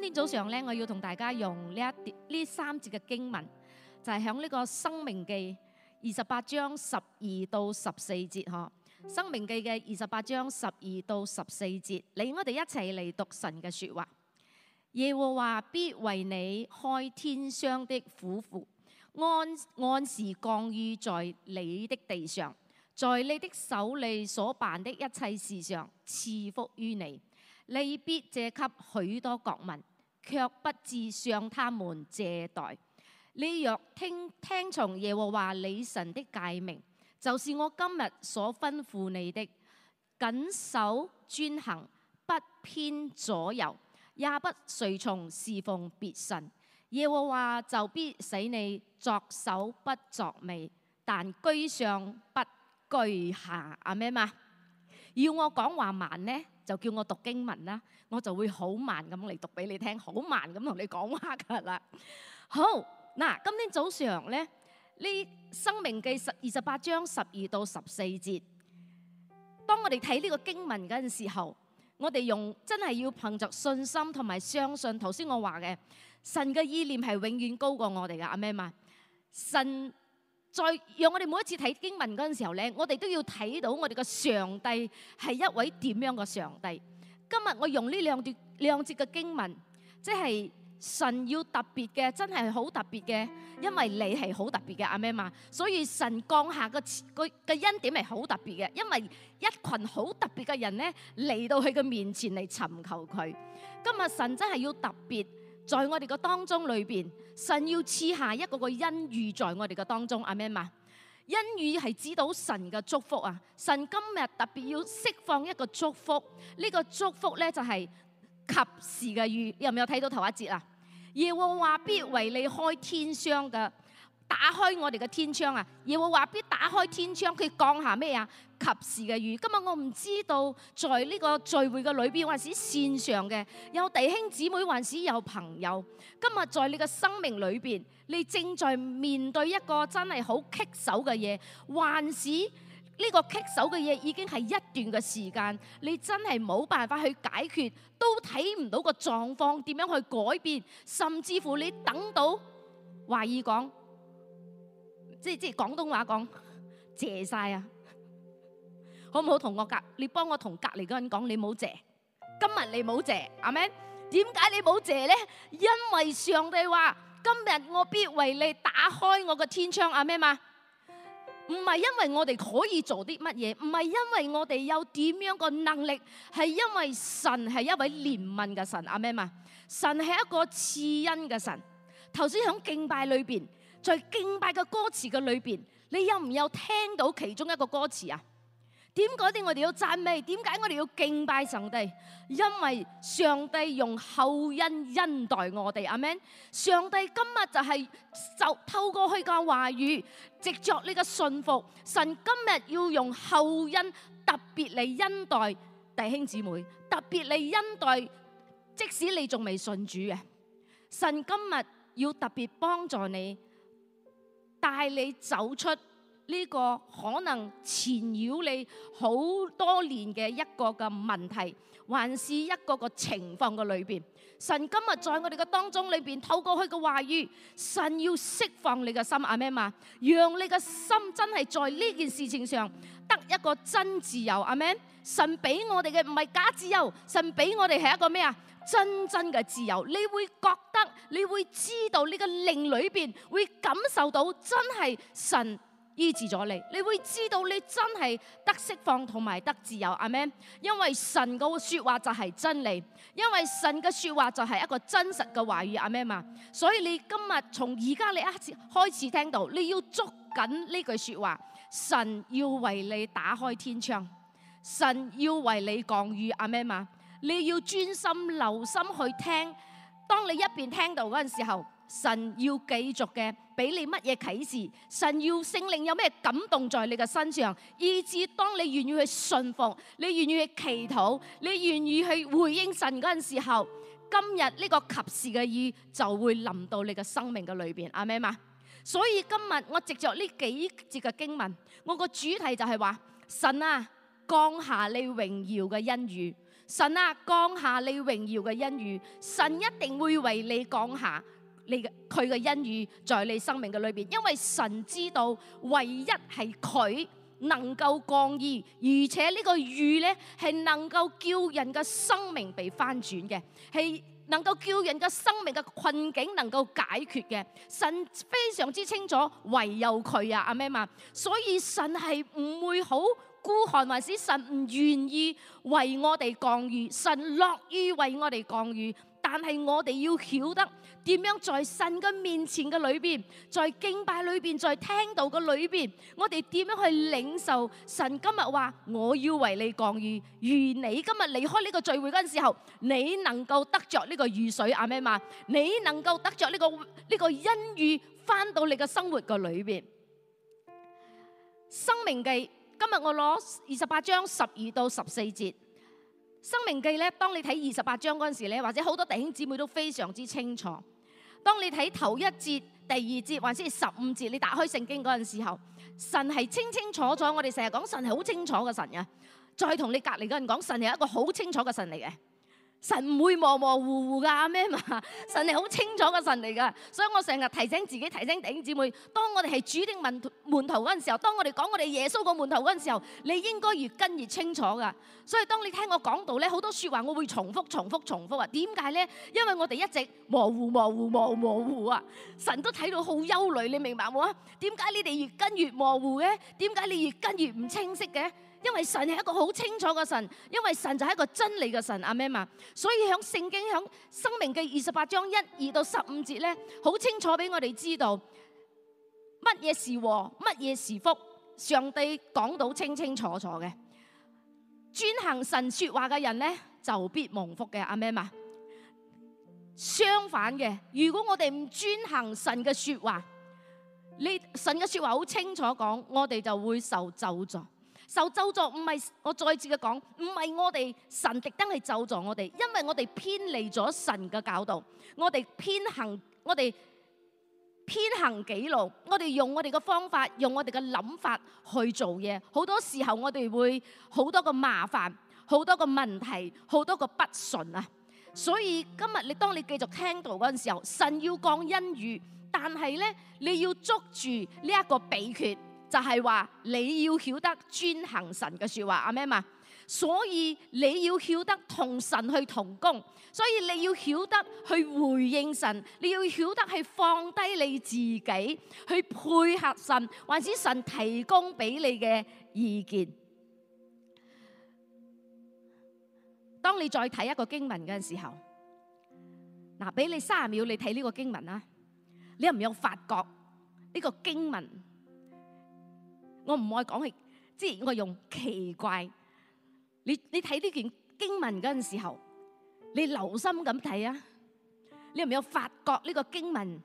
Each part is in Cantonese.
今天早上咧，我要同大家用呢一啲呢三節嘅經文，就係響呢個《生命記》二十八章十二到十四節嗬，《生命記》嘅二十八章十二到十四節，你我哋一齊嚟讀神嘅說話。耶和華必為你開天窗的府庫，安按時降雨在你的地上，在你的手裏所辦的一切事上賜福於你，你必借給許多國民。卻不至向他們借貸。你若聽聽從耶和華你神的誡命，就是我今日所吩咐你的，謹守遵行，不偏左右，也不隨從侍奉別神，耶和華就必使你作首不作尾，但居上不居下。阿咩嘛？要我講話慢咧，就叫我讀經文啦，我就會好慢咁嚟讀俾你聽，好慢咁同你講話噶啦。好，嗱，今天早上咧，呢《申命記》十二十八章十二到十四節，當我哋睇呢個經文嗰陣時候，我哋用真係要憑着信心同埋相信。頭先我話嘅，神嘅意念係永遠高過我哋噶，阿咩嘛？神。再讓我哋每一次睇經文嗰陣時候咧，我哋都要睇到我哋嘅上帝係一位點樣嘅上帝。今日我用呢兩段兩節嘅經文，即係神要特別嘅，真係好特別嘅，因為你係好特別嘅阿咩嘛。所以神降下嘅，佢嘅恩典係好特別嘅，因為一群好特別嘅人咧嚟到佢嘅面前嚟尋求佢。今日神真係要特別。在我哋個當中裏邊，神要賜下一個個恩雨在我哋嘅當中，阿媽媽，恩雨係指導神嘅祝福啊！神今日特別要釋放一個祝福，呢、這個祝福咧就係、是、及時嘅雨。你有冇有睇到頭一節啊？耶和華必為你開天窗嘅。打開我哋嘅天窗啊！而會話必打開天窗，佢降下咩啊？及時嘅雨。今日我唔知道，在呢個聚會嘅裏邊，還是線上嘅，有弟兄姊妹，還是有朋友。今日在你嘅生命裏邊，你正在面對一個真係好棘手嘅嘢，還是呢個棘手嘅嘢已經係一段嘅時間，你真係冇辦法去解決，都睇唔到個狀況點樣去改變，甚至乎你等到懷疑講。即係即係廣東話講謝曬啊！好唔好同我隔？你幫我同隔離嗰人講你冇謝。今日你冇謝，阿們？點解你冇謝咧？因為上帝話：今日我必為你打開我嘅天窗，阿們嘛。唔係因為我哋可以做啲乜嘢，唔係因為我哋有點樣嘅能力，係因為神係一位憐憫嘅神，阿們嘛。神係一個賜恩嘅神。頭先喺敬拜裏邊。在敬拜嘅歌詞嘅裏邊，你有唔有聽到其中一個歌詞啊？點解啲我哋要讚美？點解我哋要敬拜上帝？因為上帝用厚恩恩待我哋，阿們。上帝今日就係就透過去嘅話語，藉著你嘅信服，神今日要用厚恩特別嚟恩待弟兄姊妹，特別嚟恩待即使你仲未信主嘅，神今日要特別幫助你。帶你走出呢個可能纏繞你好多年嘅一個嘅問題，還是一個個情況嘅裏邊，神今日在我哋嘅當中裏邊，透過佢嘅話語，神要釋放你嘅心阿們嘛，讓你嘅心真係在呢件事情上得一個真自由阿們。神俾我哋嘅唔係假自由，神俾我哋係一個咩啊？真真嘅自由，你會覺。你會知道呢個靈裏邊會感受到真係神醫治咗你，你會知道你真係得釋放同埋得自由，阿們。因為神嘅說話就係真理，因為神嘅說話就係一個真實嘅話語，阿們嘛。所以你今日從而家你一開始開始聽到，你要捉緊呢句說話，神要為你打開天窗，神要為你降雨，阿們嘛。你要專心留心去聽。當你一邊聽到嗰陣時候，神要繼續嘅俾你乜嘢啟示，神要聖靈有咩感動在你嘅身上，以至當你願意去順服，你願意去祈禱，你願意去回應神嗰陣時候，今日呢個及時嘅雨就會淋到你嘅生命嘅裏邊，啱唔啱？所以今日我藉着呢幾節嘅經文，我個主題就係話神啊，降下你榮耀嘅恩雨。神啊，降下你榮耀嘅恩雨，神一定會為你降下你嘅佢嘅恩雨在你生命嘅裏邊，因為神知道唯一係佢能夠降雨，而且個呢個雨咧係能夠叫人嘅生命被翻轉嘅，係能夠叫人嘅生命嘅困境能夠解決嘅。神非常之清楚，唯有佢啊，阿咩嘛，所以神係唔會好。孤寒還是神唔願意為我哋降雨，神樂於為我哋降雨，但係我哋要曉得點樣在神嘅面前嘅裏邊，在敬拜裏邊，在聽道嘅裏邊，我哋點樣去領受神今日話我要為你降雨，如你今日離開呢個聚會嗰陣時候，你能夠得着呢個雨水阿們嘛，你能夠得着呢個呢個恩雨返到你嘅生活嘅裏邊，生命嘅。今日我攞二十八章十二到十四節《申命記》咧。當你睇二十八章嗰陣時咧，或者好多弟兄姊妹都非常之清楚。當你睇頭一節、第二節，或者十五節，你打開聖經嗰陣時候，神係清清楚楚。我哋成日講神係好清楚嘅神嘅。再同你隔籬嘅人講，神係一個好清楚嘅神嚟嘅。神唔會模模糊糊噶阿咩嘛？神係好清楚嘅神嚟噶，所以我成日提醒自己、提醒弟兄姊妹，當我哋係主的門門徒嗰陣時候，當我哋講我哋耶穌嘅門徒嗰陣時候，你應該越跟越清楚噶。所以當你聽我講道咧，好多說話我會重複、重複、重複啊。點解咧？因為我哋一直模糊、模糊、模糊模糊啊。神都睇到好憂慮，你明白冇啊？點解你哋越跟越模糊嘅？點解你越跟越唔清晰嘅？因為神係一個好清楚嘅神，因為神就係一個真理嘅神，阿媽嘛。所以喺聖經、喺申命記二十八章一二到十五節咧，好清楚俾我哋知道乜嘢是禍，乜嘢是福，上帝講到清清楚楚嘅。遵行神說話嘅人咧，就必蒙福嘅，阿媽嘛。相反嘅，如果我哋唔遵行神嘅說話，你神嘅說話好清楚講，我哋就會受咒詛。受咒詛，唔係我再次嘅講，唔係我哋神特登係咒詛我哋，因為我哋偏離咗神嘅教導，我哋偏行，我哋偏行己路，我哋用我哋嘅方法，用我哋嘅諗法去做嘢，好多時候我哋會好多個麻煩，好多個問題，好多個不順啊！所以今日你當你繼續聽到嗰陣時候，神要講恩雨，但係咧，你要捉住呢一個秘訣。就係話你要曉得遵行神嘅說話，阿媽嘛，所以你要曉得同神去同工，所以你要曉得去回應神，你要曉得去放低你自己去配合神，或者是神提供俾你嘅意見。當你再睇一個經文嘅時候，嗱，俾你三十秒你睇呢個經文啦，你有唔有發覺呢個經文？我唔愛講係，即係我用奇怪。你你睇呢段經文嗰陣時候，你留心咁睇啊，你有冇發覺呢個經文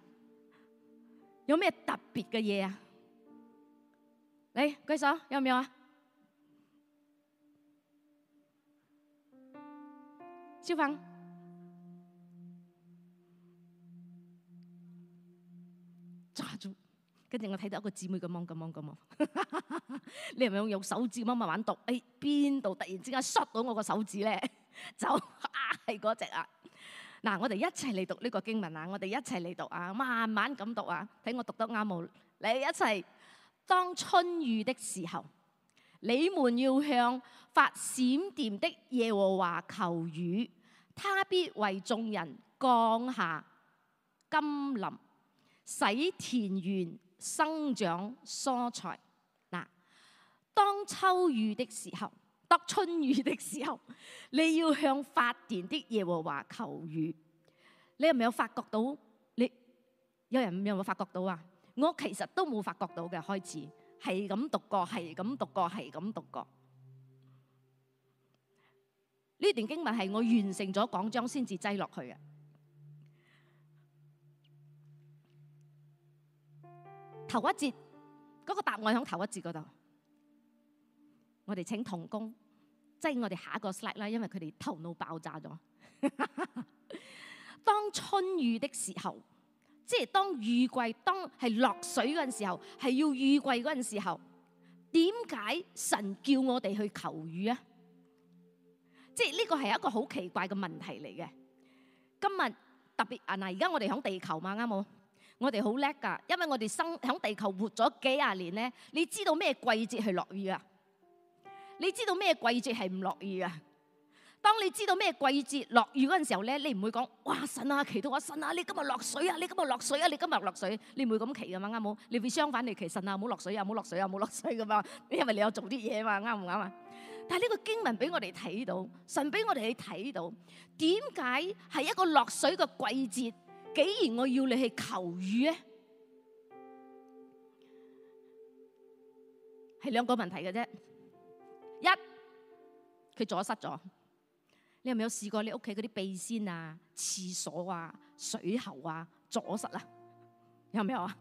有咩特別嘅嘢啊？嚟，舉手有冇啊？小芳，抓住。跟住我睇到一個姊妹咁望咁望咁望， 你係咪用手指咁慢慢讀？誒、哎，邊度突然之間摔到我個手指咧？就係嗰隻啊！嗱，我哋一齊嚟讀呢個經文啊！我哋一齊嚟讀啊，慢慢咁讀啊，睇我讀得啱冇？你一齊當春雨的時候，你們要向發閃電的耶和華求雨，他必為眾人降下甘霖，使田園，生長蔬菜嗱，當秋雨的時候，當春雨的時候，你要向發電的耶和華求雨。你有冇發覺到？你有人有冇發覺到啊？我其實都冇發覺到嘅，開始係咁讀過，係咁讀過，係咁讀過。呢段經文係我完成咗講章先至擠落去嘅。頭一節嗰個答案響頭一節嗰度，我哋請同工，即係我哋下一個 slide 啦，因為佢哋頭腦爆炸咗。 當春雨的時候，即係當雨季，當係落水嗰陣時候，係要雨季嗰陣時候，點解神叫我哋去求雨啊？即係呢個係一個好奇怪嘅問題嚟嘅。今日特別啊嗱，而家我哋響地球嘛，啱冇？我哋好叻噶，因為我哋生喺地球活咗幾十年咧，你知道咩季節係落雨啊？你知道咩季節係唔落雨啊？當你知道咩季節落雨嗰陣時候咧，你唔會講哇神啊，祈到我、啊、神啊，你今日落水啊，你今日落水啊，你今日落水，你唔會咁祈噶嘛，啱唔啱？你會相反地祈神啊，冇落水啊，冇落水啊，冇落水噶、啊、嘛、啊，因為你有做啲嘢嘛，啱唔啱啊？但係呢個經文俾我哋睇到，神俾我哋去睇到，點解係一個落水嘅季節？既然我要你去求雨咧，係兩個問題嘅啫。一佢阻塞咗，你有唔有試過你屋企嗰啲鼻先啊、廁所啊、水喉啊阻塞，有有啊？有冇啊？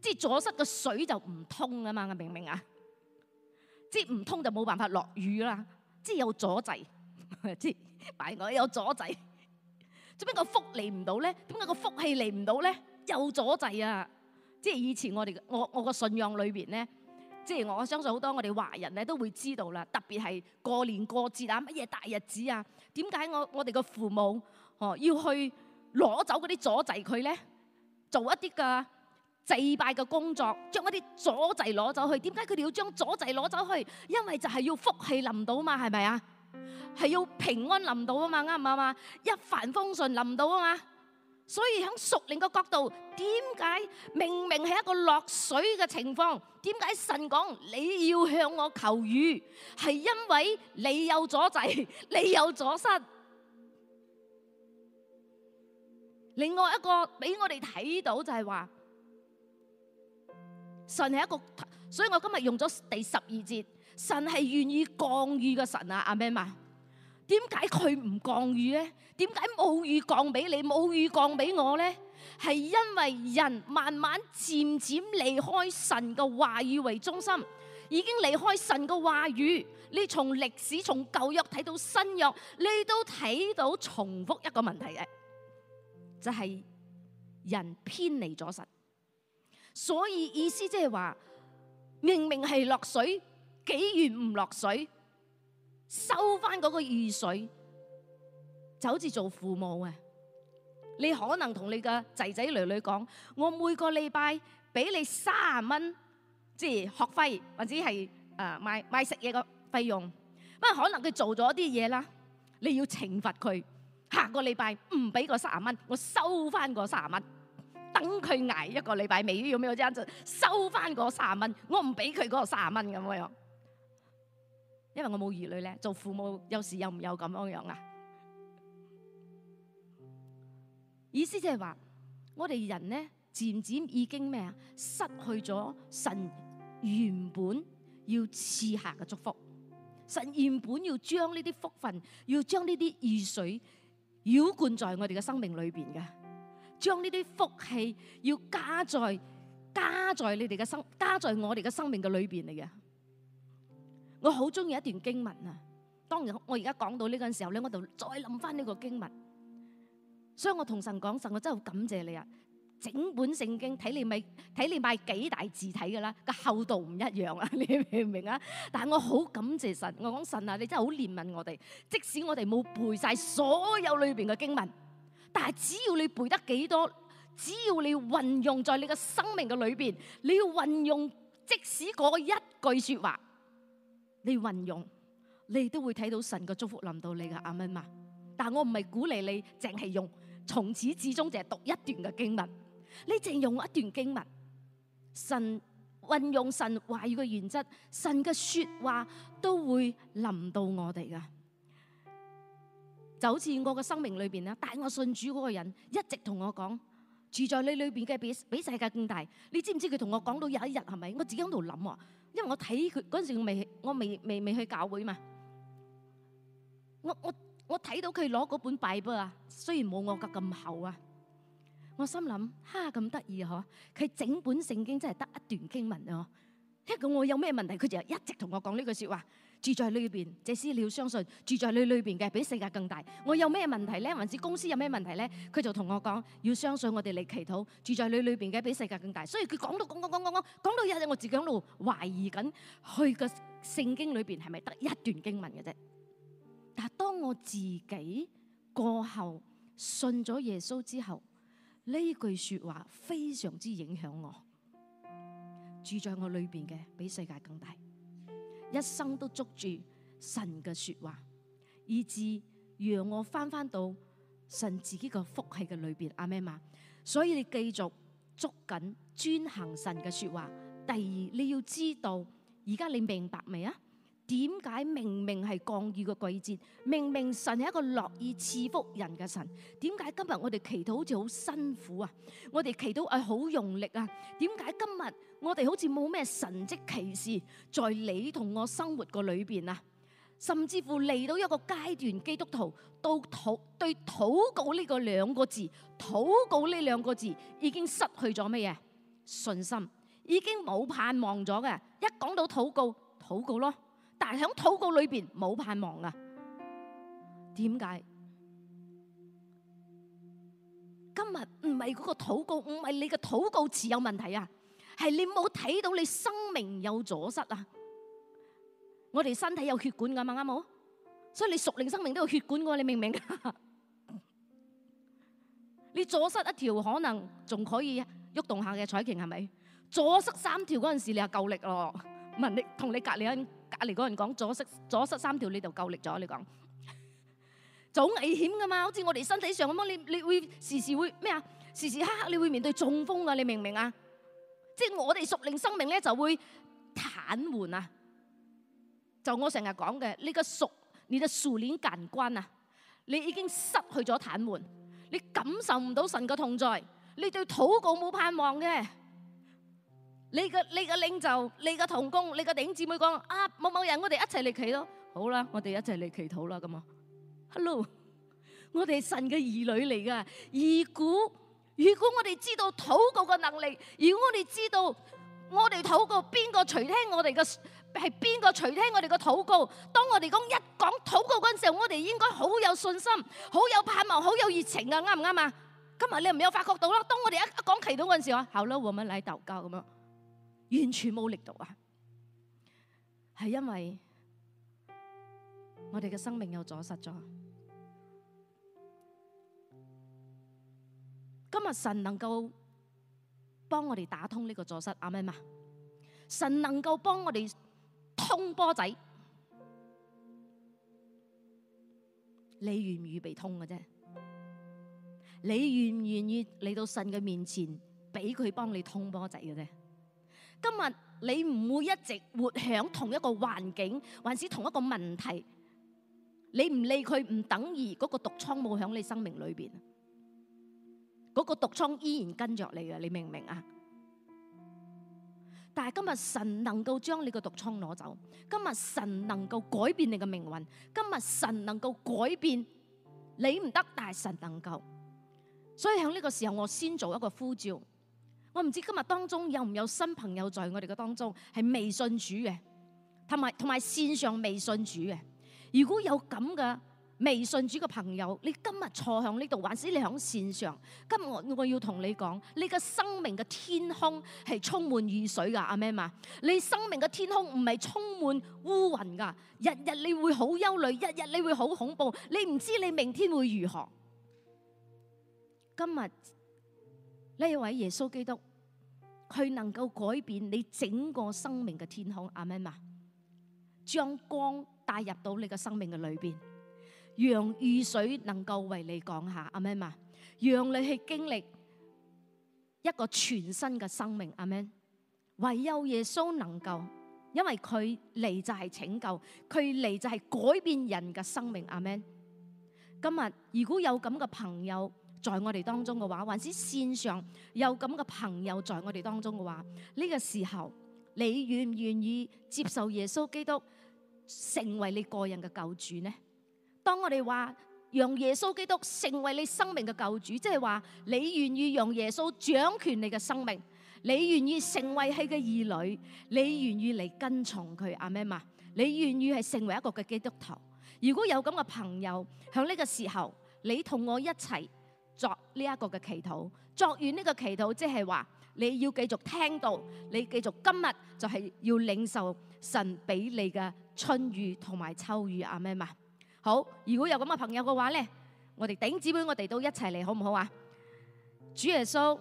即係阻塞個水就唔通啊嘛，明唔明啊？即係唔通就冇辦法落雨啦，即係有阻滯，即係擺我有阻滯。做咩個福嚟唔到咧？點解個福氣嚟唔到咧？有阻滯啊！即係以前我哋我我個信仰裏邊咧，即係我相信好多我哋華人咧都會知道啦。特別係過年過節啊，乜嘢大日子啊？點解我我哋個父母哦要去攞走嗰啲阻滯佢咧？做一啲噶祭拜嘅工作，將一啲阻滯攞走去。點解佢哋要將阻滯攞走去？因為就係要福氣臨到嘛，係咪啊？係要平安臨到啊嘛，啱唔啱啊？一帆風順臨到啊嘛，所以喺屬靈個角度，點解明明係一個落水嘅情況，點解神講你要向我求雨？係因為你有阻滯，你有阻塞。另外一個俾我哋睇到就係話，神係一個。所以我今日用咗第十二節，神係願意降雨嘅神啊，阿們啊，點解佢唔降雨咧？點解冇雨降俾你，冇雨降俾我咧？係因為人慢慢漸漸離開神嘅話語為中心，已經離開神嘅話語。你從歷史從舊約睇到新約，你都睇到重複一個問題嘅，就係人偏離咗神。所以意思即係話。明明係落水，幾願唔落水，收翻嗰個雨水，就好似做父母啊。你可能同你嘅仔仔女女講，我每個禮拜俾你三十蚊，即係學費或者係誒買買食嘢嘅費用，不過可能佢做咗啲嘢啦，你要懲罰佢，下個禮拜唔俾個三十蚊，我收翻個三十蚊。等佢挨一個禮拜未？要唔要將就收翻嗰卅蚊？我唔俾佢嗰個卅蚊咁樣，因為我冇兒女咧，做父母有時有唔有咁樣樣啊？意思即係話，我哋人咧漸漸已經咩啊？失去咗神原本要賜下嘅祝福，神原本要將呢啲福分，要將呢啲雨水澆灌在我哋嘅生命裏邊嘅。將呢啲福氣要加在加在你哋嘅生，加在我哋嘅生命嘅裏邊嚟嘅。我好中意一段經文啊！當然我而家講到呢個時候咧，我就再諗翻呢個經文。所以我同神講，神，我真係好感謝你啊！整本聖經睇你咪睇你買幾大字體噶啦，個厚度唔一樣啊！你明唔明啊？但係我好感謝神，我講神啊，你真係好憐憫我哋，即使我哋冇背晒所有裏邊嘅經文。但係只要你背得幾多，只要你運用在你個生命嘅裏邊，你要運用，即使嗰一句說話，你運用，你都會睇到神嘅祝福臨到你噶阿妹嘛。Mm hmm. 但係我唔係鼓勵你淨係用，從始至終淨係讀一段嘅經文，你淨用一段經文，神運用神話語嘅原則，神嘅說話都會臨到我哋噶。就好似我嘅生命裏邊咧，帶我信主嗰個人一直同我講，住在你裏邊嘅比比世界更大。你知唔知佢同我講到有一日係咪？我自己喺度諗，因為我睇佢嗰陣時未，我未未未去教會嘛。我我我睇到佢攞嗰本 Bible，雖然冇我嘅咁厚啊。我心諗，哈咁得意嗬？佢整本聖經真係得一段經文哦。一講我有咩問題，佢就一直同我講呢句說話。住在裏邊，這斯你要相信，住在你裏邊嘅比世界更大。我有咩問題呢，還是公司有咩問題呢，佢就同我講，要相信我哋嚟祈禱。住在你裏邊嘅比世界更大。所以佢講到講講講講講，講到一日，我自己喺度懷疑緊，去個聖經裏邊係咪得一段經文嘅啫？但係當我自己過後信咗耶穌之後，呢句說話非常之影響我。住在我裏邊嘅比世界更大。一生都捉住神嘅說話，以至讓我翻翻到神自己嘅福氣嘅裏邊。阿咩嘛，所以你繼續捉緊專行神嘅說話。第二，你要知道，而家你明白未啊？點解明明係降雨嘅季節，明明神係一個樂意賜福人嘅神，點解今日我哋祈禱好似好辛苦啊？我哋祈禱係好用力啊？點解今日我哋好似冇咩神蹟奇事在你同我生活個裏邊啊？甚至乎嚟到一個階段，基督徒都對禱告呢個兩個字，禱告呢兩個字已經失去咗咩嘢？信心，已經冇盼望咗嘅。一講到禱告，禱告咯。但係喺禱告裏邊冇盼望啊？點解？今日唔係嗰個禱告，唔係你嘅禱告詞有問題啊，係你冇睇到你生命有阻塞啊。我哋身體有血管噶嘛，啱冇？所以你屬靈生命都有血管噶，你明唔明？你阻塞一條可能仲可以喐動下嘅彩瓊係咪？阻塞三條嗰陣時你就夠力咯。唔係你同你隔籬人。阿嚟嗰人講阻塞，阻塞三條你就夠力咗，你講就好危險噶嘛？好似我哋身體上咁樣，你你會時時會咩啊？時時刻刻你會面對中風噶，你明唔明啊？即係我哋屬靈生命咧就會癱瘓啊！就我成日講嘅，呢個屬，你就屬靈難關啊！你已經失去咗癱瘓，你感受唔到神嘅同在，你對禱告冇盼望嘅。你嘅你嘅領袖，你嘅同工，你嘅弟兄姊妹講啊，某某人，我哋一齊嚟祈禱咯，好啦，我哋一齊嚟祈禱啦，咁啊，Hello，我哋係神嘅兒女嚟噶，如果如果我哋知道禱告嘅能力，如果我哋知道我哋禱告邊個垂聽我哋嘅係邊個垂聽我哋嘅禱告，當我哋講一講禱告嗰陣時候，我哋應該好有信心，好有盼望，好有熱情啊，啱唔啱啊？今日你唔有發覺到咯？當我哋一一講祈禱嗰陣時啊，好啦，我們來禱告咁啊。完全冇力度啊！係因為我哋嘅生命又阻塞咗。今日神能夠幫我哋打通呢個阻塞，阿媽咪嘛？神能夠幫我哋通波仔，你願唔願俾通嘅啫？你願唔願意嚟到神嘅面前，俾佢幫你通波仔嘅啫？今日你唔會一直活喺同一個環境，還是同一個問題。你唔理佢，唔等於嗰個毒瘡冇喺你生命裏邊。嗰個毒瘡依然跟着你嘅，你明唔明啊？但係今日神能夠將你嘅毒瘡攞走，今日神能夠改變你嘅命運，今日神能夠改變你。唔得，但係神能夠。所以喺呢個時候，我先做一個呼召。我唔知今日當中有唔有新朋友在我哋嘅當中係未信主嘅，同埋同埋線上未信主嘅。如果有咁嘅未信主嘅朋友，你今日坐響呢度，還是你響線上？今日我要同你講，你嘅生命嘅天空係充滿雨水噶，阿咩嘛，你生命嘅天空唔係充滿烏雲噶，日日你會好憂慮，日日你會好恐怖，你唔知你明天會如何？今日。呢一位耶穌基督，佢能夠改變你整個生命嘅天空，阿們啊，將光帶入到你嘅生命嘅裏邊，讓雨水能夠為你降下，阿們啊，讓你去經歷一個全新嘅生命，阿們，唯有耶穌能夠，因為佢嚟就係拯救，佢嚟就係改變人嘅生命，阿們，今日如果有咁嘅朋友。在我哋當中嘅話，或者線上有咁嘅朋友在我哋當中嘅話，呢個時候你願唔願意接受耶穌基督成為你個人嘅救主呢？當我哋話讓耶穌基督成為你生命嘅救主，即係話你願意讓耶穌掌權你嘅生命，你願意成為佢嘅兒女，你願意嚟跟從佢阿媽嘛？你願意係成為一個嘅基督徒？如果有咁嘅朋友響呢個時候，你同我一齊。作呢一個嘅祈禱，作完呢個祈禱，即係話你要繼續聽到，你繼續今日就係要領受神俾你嘅春雨、同埋秋雨啊！阿們。好，如果有咁嘅朋友嘅話呢，我哋頂子杯，我哋都一齊嚟，好唔好啊？主耶穌，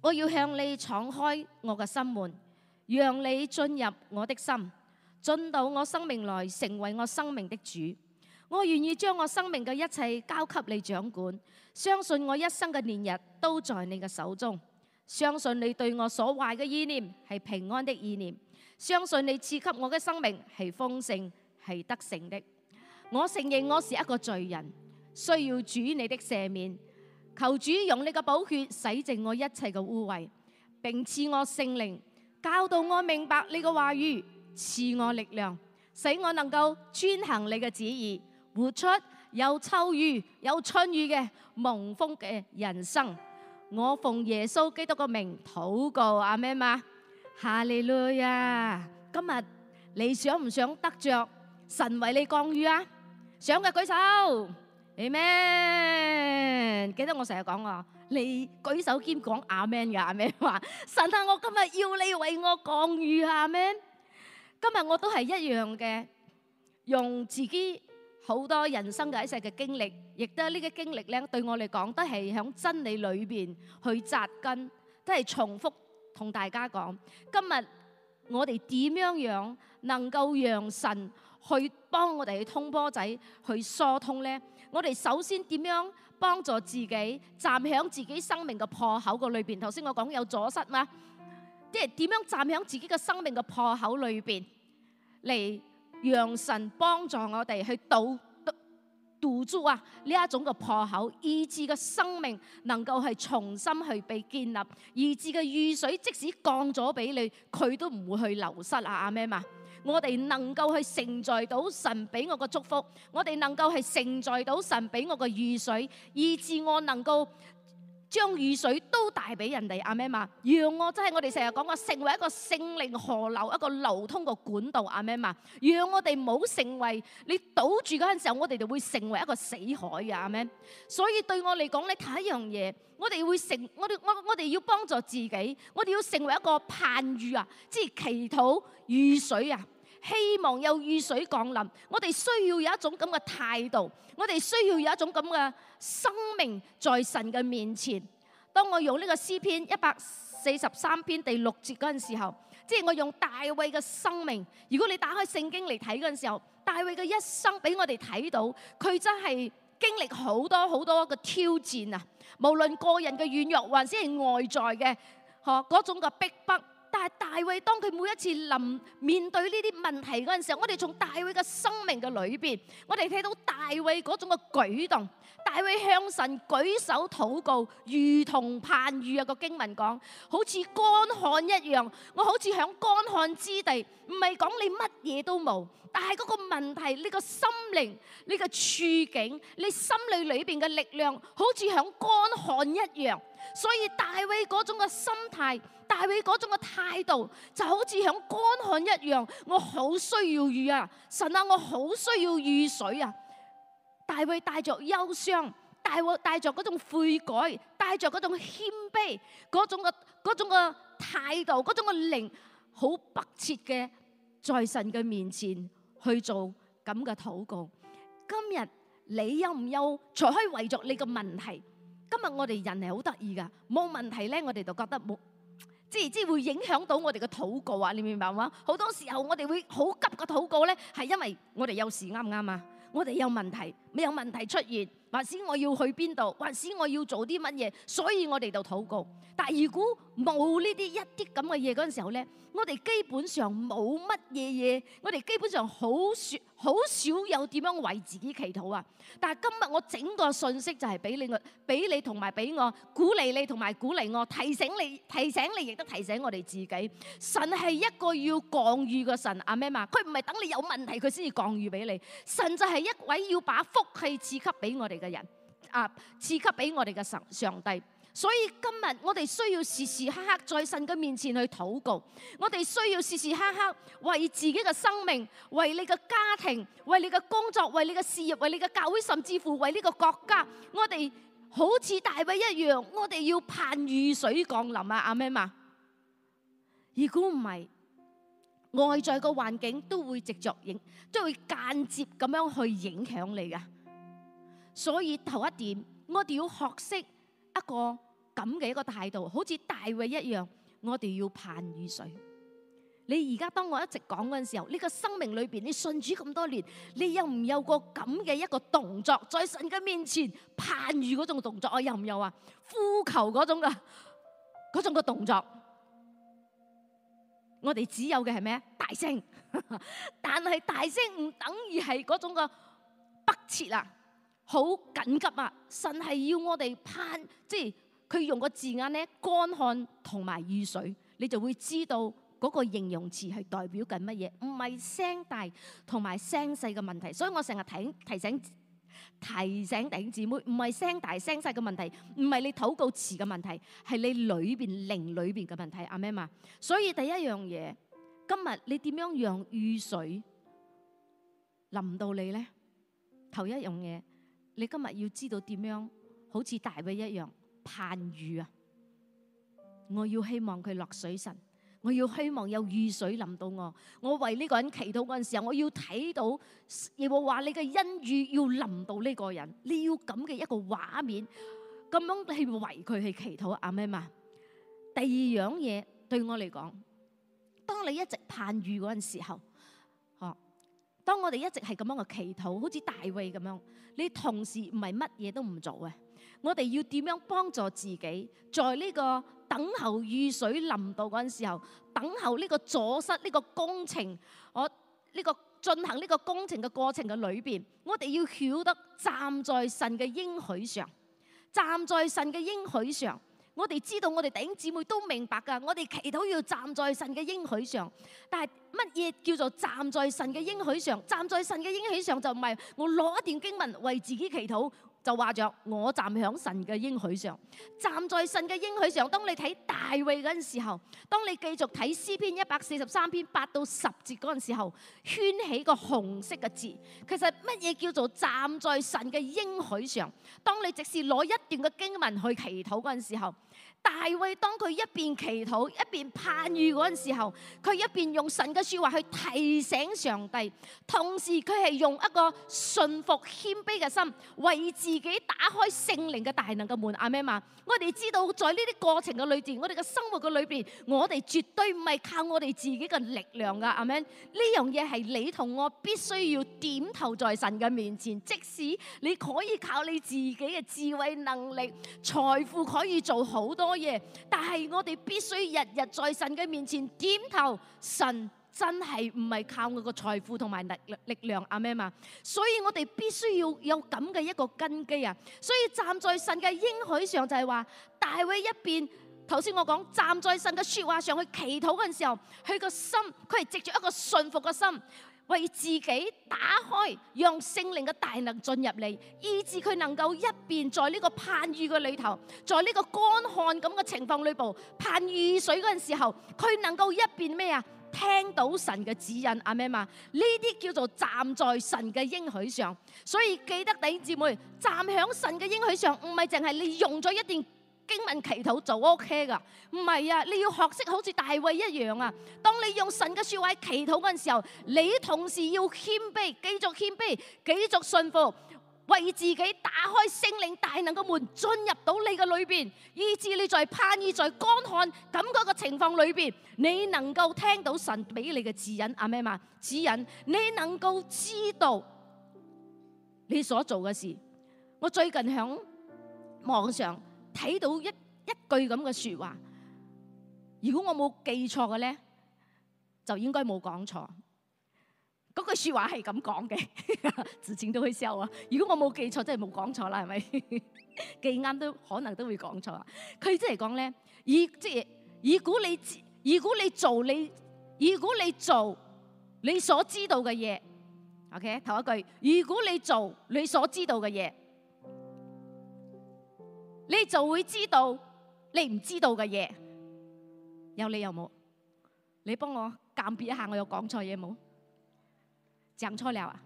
我要向你敞開我嘅心門，讓你進入我的心，進到我生命來，成為我生命的主。我願意將我生命嘅一切交給你掌管。相信我一生嘅年日都在你嘅手中，相信你對我所懷嘅意念係平安的意念，相信你賜給我嘅生命係豐盛係得勝的。我承認我是一個罪人，需要主你的赦免，求主用你嘅寶血洗淨我一切嘅污穢，並賜我聖靈，教導我明白你嘅話語，賜我力量，使我能夠遵行你嘅旨意，活出。有秋雨有春雨嘅蒙風嘅人生，我奉耶穌基督個名禱告，阿們嘛，哈利路亞！今日你想唔想得着神為你降雨啊？想嘅舉手，阿們？記得我成日講我，你舉手兼講阿們嘅阿們話？神啊，我今日要你為我降雨啊！阿們？今日我都係一樣嘅，用自己。好多人生嘅一世嘅經歷，亦都係呢個經歷咧，對我嚟講都係喺真理裏邊去扎根，都係重複同大家講。今日我哋點樣樣能夠讓神去幫我哋去通波仔去疏通咧？我哋首先點樣幫助自己站喺自己生命嘅破口個裏邊？頭先我講有阻塞嘛？即係點樣站喺自己嘅生命嘅破口裏邊嚟？讓神幫助我哋去堵堵，堵住啊呢一種嘅破口，以致嘅生命能夠係重新去被建立，以致嘅雨水即使降咗俾你，佢都唔會去流失啊！阿咩啊，我哋能夠去承載到神俾我嘅祝福，我哋能夠係承載到神俾我嘅雨水，以致我能夠。將雨水都帶俾人哋阿咩嘛，讓我即係我哋成日講話，成為一個聖靈河流，一個流通個管道阿咩嘛，讓我哋冇成為你堵住嗰陣時候，我哋就會成為一個死海啊！阿咩，所以對我嚟講咧，睇一樣嘢，我哋會成我我我哋要幫助自己，我哋要成為一個盼雨啊，即係祈禱雨水啊。希望有雨水降臨，我哋需要有一種咁嘅態度，我哋需要有一種咁嘅生命在神嘅面前。當我用呢個詩篇一百四十三篇第六節嗰陣時候，即係我用大衛嘅生命。如果你打開聖經嚟睇嗰陣時候，大衛嘅一生俾我哋睇到，佢真係經歷好多好多嘅挑戰啊！無論個人嘅軟弱，還是外在嘅，嗰種嘅逼迫。但係大衛當佢每一次臨面對呢啲問題嗰陣時候，我哋從大衛嘅生命嘅裏邊，我哋睇到大衛嗰種嘅舉動，大衛向神舉手禱告，如同盼雨啊！個經文講，好似乾旱一樣，我好似響乾旱之地，唔係講你乜嘢都冇，但係嗰個問題，呢個心靈呢個處境，你心裏裏邊嘅力量，好似響乾旱一樣。所以大衛嗰種嘅心態，大衛嗰種嘅態度，就好似響乾旱一樣，我好需要雨啊！神啊，我好需要雨水啊！大衛帶着憂傷，大衛帶着嗰種悔改，帶着嗰種謙卑，嗰種嘅嗰種嘅態度，嗰種嘅靈，好迫切嘅，在神嘅面前去做咁嘅禱告。今日你憂唔憂，才可以為着你嘅問題？今日我哋人係好得意噶，冇問題咧，我哋就覺得冇，即係即係會影響到我哋嘅禱告啊！你明白嘛？好多時候我哋會好急嘅禱告咧，係因為我哋有時啱唔啱啊？我哋有問題，未有問題出現，還是我要去邊度，還是我要做啲乜嘢，所以我哋就禱告。但係如果冇呢啲一啲咁嘅嘢嗰陣時候咧，我哋基本上冇乜嘢嘢，我哋基本上好少。好少有點樣為自己祈禱啊！但係今日我整個信息就係俾你，你我，俾你同埋俾我鼓勵你同埋鼓勵我，提醒你提醒你亦都提醒我哋自己，神係一個要降雨嘅神，阿咩嘛？佢唔係等你有問題佢先至降雨俾你，神就係一位要把福氣賜給俾我哋嘅人，啊，賜給俾我哋嘅神上帝。所以今日我哋需要時時刻刻在神嘅面前去禱告，我哋需要時時刻刻為自己嘅生命、為你嘅家庭、為你嘅工作、為你嘅事業、為你嘅教會，甚至乎為呢個國家，我哋好似大衛一樣，我哋要盼雨水降臨啊！阿媽，如果唔係，外在嘅環境都會直接影，都會間接咁樣去影響你噶。所以頭一點，我哋要學識一個。咁嘅一個態度，好似大衛一樣。我哋要盼雨水。你而家當我一直講嗰陣時候，呢、這個生命裏邊，你信主咁多年，你有唔有個咁嘅一個動作，在神嘅面前盼雨嗰種動作，我又唔有啊？呼求嗰種啊，嗰種嘅動作，我哋只有嘅係咩？大聲， 但係大聲唔等於係嗰種嘅迫切啊，好緊急啊！神係要我哋盼，即係。佢用個字眼咧，乾旱同埋雨水，你就會知道嗰個形容詞係代表緊乜嘢？唔係聲大同埋聲細嘅問題，所以我成日提醒提醒提醒弟兄姊妹，唔係聲大聲細嘅問題，唔係你禱告詞嘅問題，係你裏邊靈裏邊嘅問題啊，咩嘛？所以第一樣嘢，今日你點樣讓雨水淋到你咧？頭一樣嘢，你今日要知道點樣好似大衛一樣。盼雨啊！我要希望佢落水神，我要希望有雨水淋到我。我為呢個人祈禱嗰陣時候，我要睇到耶和華你嘅恩雨要淋到呢個人，你要咁嘅一個畫面，咁樣去為佢去祈禱啊？咩嘛？第二樣嘢對我嚟講，當你一直盼雨嗰陣時候，哦、啊，當我哋一直係咁樣嘅祈禱，好似大衛咁樣，你同時唔係乜嘢都唔做啊！我哋要點樣幫助自己？在呢個等候雨水淋到嗰陣時候，等候呢個阻塞呢個工程，我呢個進行呢個工程嘅過程嘅裏邊，我哋要曉得站在神嘅應許上，站在神嘅應許上，我哋知道我哋弟兄姊妹都明白㗎，我哋祈禱要站在神嘅應許上。但係乜嘢叫做站在神嘅應許上？站在神嘅應許上就唔係我攞一段經文為自己祈禱。就話着，我站喺神嘅應許上，站在神嘅應許上。當你睇大衛嗰陣時候，當你繼續睇詩篇一百四十三篇八到十節嗰陣時候，圈起個紅色嘅字，其實乜嘢叫做站在神嘅應許上？當你即係攞一段嘅經文去祈禱嗰陣時候。大衛當佢一邊祈禱一邊盼雨嗰陣時候，佢一邊用神嘅說話去提醒上帝，同時佢係用一個順服謙卑嘅心，為自己打開聖靈嘅大能嘅門。阿們嘛，我哋知道在呢啲過程嘅裏邊，我哋嘅生活嘅裏邊，我哋絕對唔係靠我哋自己嘅力量噶。阿們，呢樣嘢係你同我必須要點頭在神嘅面前，即使你可以靠你自己嘅智慧能力、財富可以做好多。嘢，但係我哋必須日日在神嘅面前點頭，神真係唔係靠我個財富同埋力力量，阿咩嘛，所以我哋必須要有咁嘅一個根基啊，所以站在神嘅應許上就係話大衛一邊，頭先我講站在神嘅說話上去祈禱嘅時候，佢個心佢係藉住一個信服嘅心。為自己打開，讓聖靈嘅大能進入嚟，以至佢能夠一邊在呢個盼雨嘅裏頭，在呢個乾旱咁嘅情況裏部盼雨水嗰陣時候，佢能夠一邊咩啊？聽到神嘅指引啊！咩嘛？呢啲叫做站在神嘅應許上。所以記得弟兄姊妹，站響神嘅應許上，唔係淨係你用咗一段。經文祈禱就 O K 噶唔係啊，你要學識好似大衛一樣啊。當你用神嘅說話祈禱嗰陣時候，你同時要謙卑，繼續謙卑，繼續信服，為自己打開聖靈大能嘅門，進入到你嘅裏邊，以至你在怕意、在乾旱、咁個情況裏邊，你能夠聽到神俾你嘅指引，阿咩嘛指引，你能夠知道你所做嘅事。我最近響網上。睇到一一句咁嘅説話，如果我冇記錯嘅咧，就應該冇講錯。嗰句説話係咁講嘅， 自整到去笑啊！如果我冇記錯，真係冇講錯啦，係咪？ 記啱都可能都會講錯。佢即係講咧，以即係，如果你知，如果你做你，如果你做你所知道嘅嘢，OK，頭一句，如果你做你所知道嘅嘢，你就會知道你唔知道嘅嘢，有理由冇？你幫我鑒別一下，我有講錯嘢冇？講錯了啊！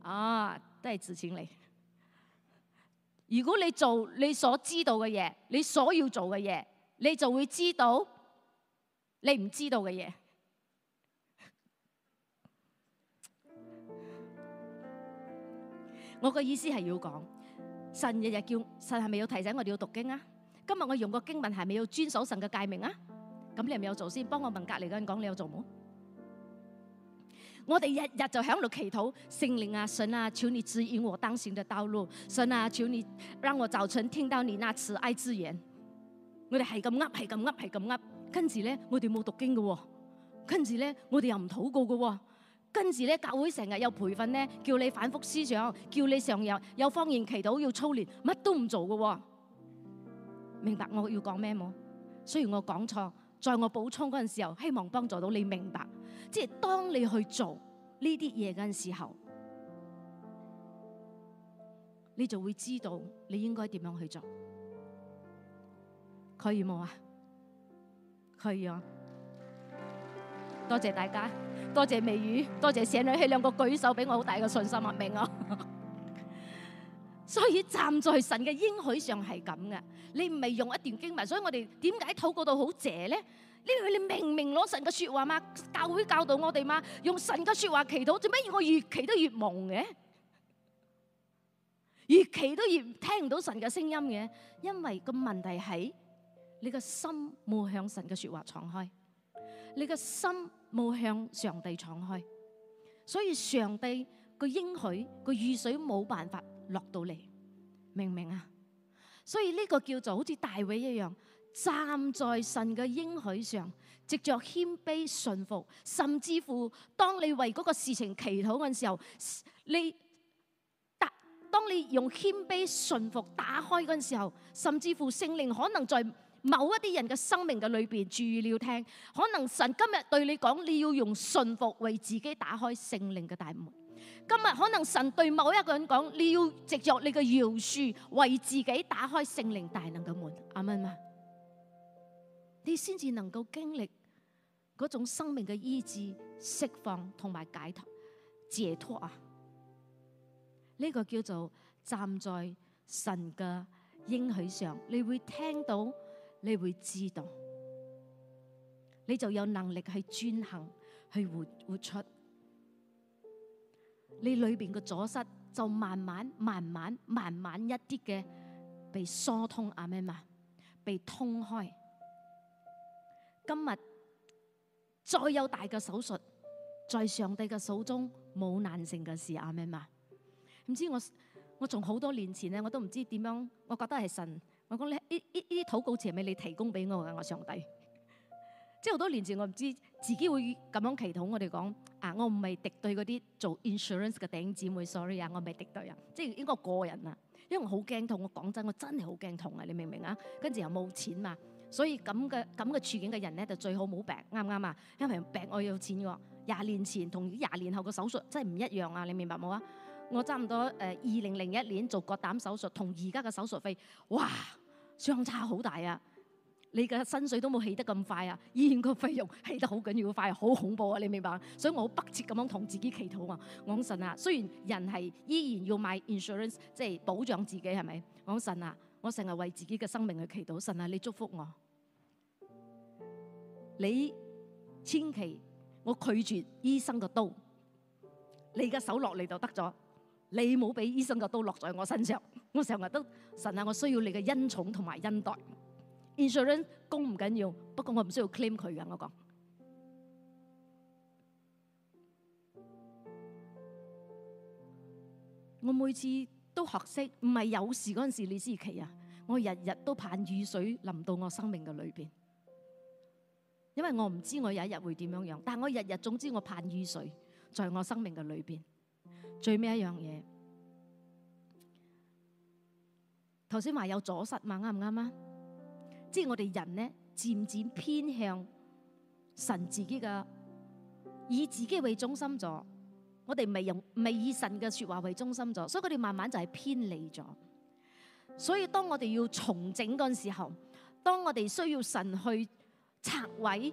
啊，都係自晴嚟。如果你做你所知道嘅嘢，你所要做嘅嘢，你就會知道你唔知道嘅嘢。我個意思係要講，神日日叫，神係咪要提醒我哋要讀經啊？今日我用個經文係咪要遵守神嘅誡命啊？咁你係咪有做先？幫我問隔籬嗰人講，你有做冇？我哋日日就響度祈禱，聖靈啊，神啊，求你指引我當前的道路，神啊，求你讓我早晨聽到你那慈愛之言。我哋係咁噏，係咁噏，係咁噏，跟住咧我哋冇讀經嘅，跟住咧我哋又唔禱告嘅。跟住咧，教會成日有培訓咧，叫你反覆思想，叫你上日有方言祈禱要操練，乜都唔做噶，明白我要講咩冇？雖然我講錯，在我補充嗰陣時候，希望幫助到你明白，即係當你去做呢啲嘢嗰陣時候，你就會知道你應該點樣去做，可以冇啊？可以啊。多謝大家，多謝微雨，多謝社女希兩個舉手俾我好大嘅信心啊！明啊！所以站在神嘅應許上係咁嘅，你唔係用一段經文，所以我哋點解禱告到好邪咧？因為你明明攞神嘅說話嘛，教會教導我哋嘛，用神嘅說話祈禱，做乜嘢？我越祈禱越懵嘅，越祈禱越聽唔到神嘅聲音嘅，因為個問題係你個心冇向神嘅說話敞開，你個心。冇向上帝敞開，所以上帝個應許個雨水冇辦法落到嚟，明唔明啊？所以呢個叫做好似大衛一樣，站在神嘅應許上，藉着謙卑順服，甚至乎當你為嗰個事情祈禱嘅時候，你打當你用謙卑順服打開嗰陣時候，甚至乎聖靈可能在。某一啲人嘅生命嘅裏邊，注意你要聽。可能神今日對你講，你要用信服為自己打開聖靈嘅大門。今日可能神對某一個人講，你要藉著你嘅饒恕為自己打開聖靈大能嘅門。啱唔啱啊？你先至能夠經歷嗰種生命嘅醫治、釋放同埋解脫、解脫啊！呢個叫做站在神嘅應許上，你會聽到。你會知道，你就有能力去遵行，去活活出。你裏邊嘅阻塞就慢慢、慢慢、慢慢一啲嘅被疏通，阿媽咪，被通開。今日再有大嘅手術，在上帝嘅手中冇難成嘅事，阿媽咪。唔知我我從好多年前咧，我都唔知點樣，我覺得係神。我講咧，呢呢啲禱告詞係咪你提供俾我㗎？我上帝，即係好多年前我唔知自己會咁樣祈禱我，我哋講啊，我唔係敵對嗰啲做 insurance 嘅頂姊妹，sorry 啊，我唔係敵對人，即係應該個人啊，因為我好驚痛，我講真，我真係好驚痛啊，你明唔明啊？跟住又冇錢嘛，所以咁嘅咁嘅處境嘅人咧，就最好冇病，啱唔啱啊？因為病我要錢嘅，啊，廿年前同廿年後嘅手術真係唔一樣啊，你明白冇啊？我差唔多誒，二零零一年做割膽手術，同而家嘅手術費，哇，相差好大啊！你嘅薪水都冇起得咁快啊，醫院個費用起得好緊要快，好恐怖啊！你明白？所以我好迫切咁樣同自己祈禱啊！我講神啊，雖然人係依然要買 insurance，即係保障自己，係咪？我講神啊，我成日為自己嘅生命去祈禱，神啊，你祝福我！你千祈我拒絕醫生嘅刀，你嘅手落嚟就得咗。你冇俾醫生嘅刀落在我身上，我成日都神啊！我需要你嘅恩寵同埋恩待。Insurance 供唔緊要，不過我唔需要 claim 佢嘅。我講，我每次都學識，唔係有事嗰陣時李思琪啊，我日日都盼雨水淋到我生命嘅裏邊，因為我唔知我有一日會點樣樣，但係我日日總之我盼雨水在我生命嘅裏邊。最尾一樣嘢，頭先話有阻塞嘛？啱唔啱啊？即係我哋人咧，漸漸偏向神自己嘅，以自己為中心咗。我哋未用，未以神嘅説話為中心咗，所以佢哋慢慢就係偏離咗。所以當我哋要重整嗰陣時候，當我哋需要神去拆毀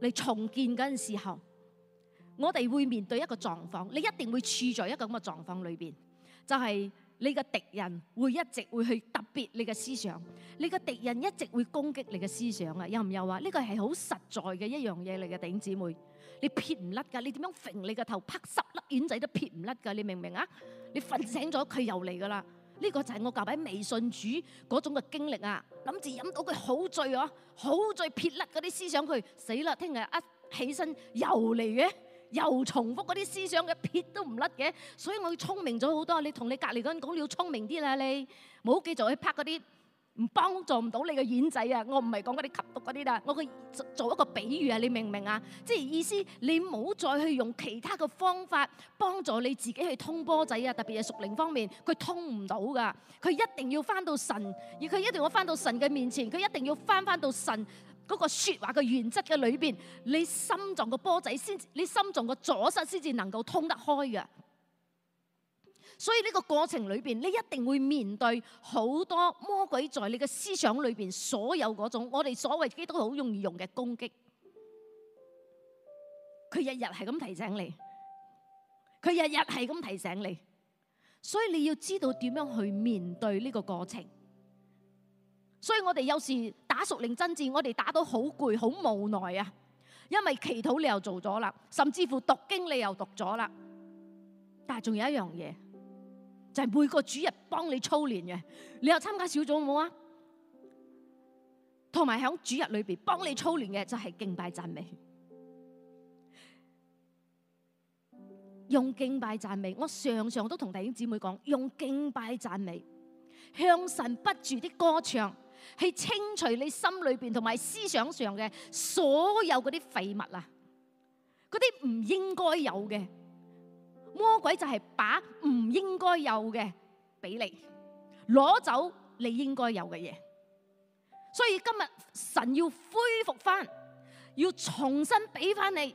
嚟重建嗰陣時候。我哋會面對一個狀況，你一定會處在一個咁嘅狀況裏邊，就係你嘅敵人會一直會去特別你嘅思想，你嘅敵人一直會攻擊你嘅思想啊！有唔有啊？呢個係好實在嘅一樣嘢嚟嘅，弟兄姊妹，你撇唔甩㗎？你點樣揈你個頭，啪十粒丸仔都撇唔甩㗎？你明唔明啊？你瞓醒咗，佢又嚟㗎啦！呢個就係我舊喺微信主嗰種嘅經歷啊！諗住飲到佢好醉啊，好醉撇甩嗰啲思想，佢死啦！聽日一起身又嚟嘅。又重複嗰啲思想嘅，撇都唔甩嘅，所以我要聰明咗好多。你同你隔離嗰人講，你要聰明啲啦，你冇記住去拍嗰啲幫助唔到你嘅丸仔啊！我唔係講嗰啲吸毒嗰啲啦，我去做一個比喻啊，你明唔明啊？即係意思，你冇再去用其他嘅方法幫助你自己去通波仔啊！特別係屬靈方面，佢通唔到噶，佢一定要返到神，而佢一定要返到神嘅面前，佢一定要返返到神。嗰個説話嘅原則嘅裏邊，你心臟個波仔先，你心臟個阻塞先至能夠通得開嘅。所以呢個過程裏邊，你一定會面對好多魔鬼在你嘅思想裏邊所有嗰種，我哋所謂基督徒好容易用嘅攻擊。佢日日係咁提醒你，佢日日係咁提醒你，所以你要知道點樣去面對呢個過程。所以我哋有時打屬靈爭戰，我哋打到好攰、好無奈啊！因為祈禱你又做咗啦，甚至乎讀經你又讀咗啦。但係仲有一樣嘢，就係每個主日幫你操練嘅，你有參加小組冇啊？同埋喺主日裏邊幫你操練嘅就係敬拜讚美，用敬拜讚美。我常常都同弟兄姊妹講，用敬拜讚美向神不住的歌唱。去清除你心裏邊同埋思想上嘅所有嗰啲廢物啊！嗰啲唔應該有嘅魔鬼就係把唔應該有嘅，俾你攞走你應該有嘅嘢。所以今日神要恢復翻，要重新俾翻你。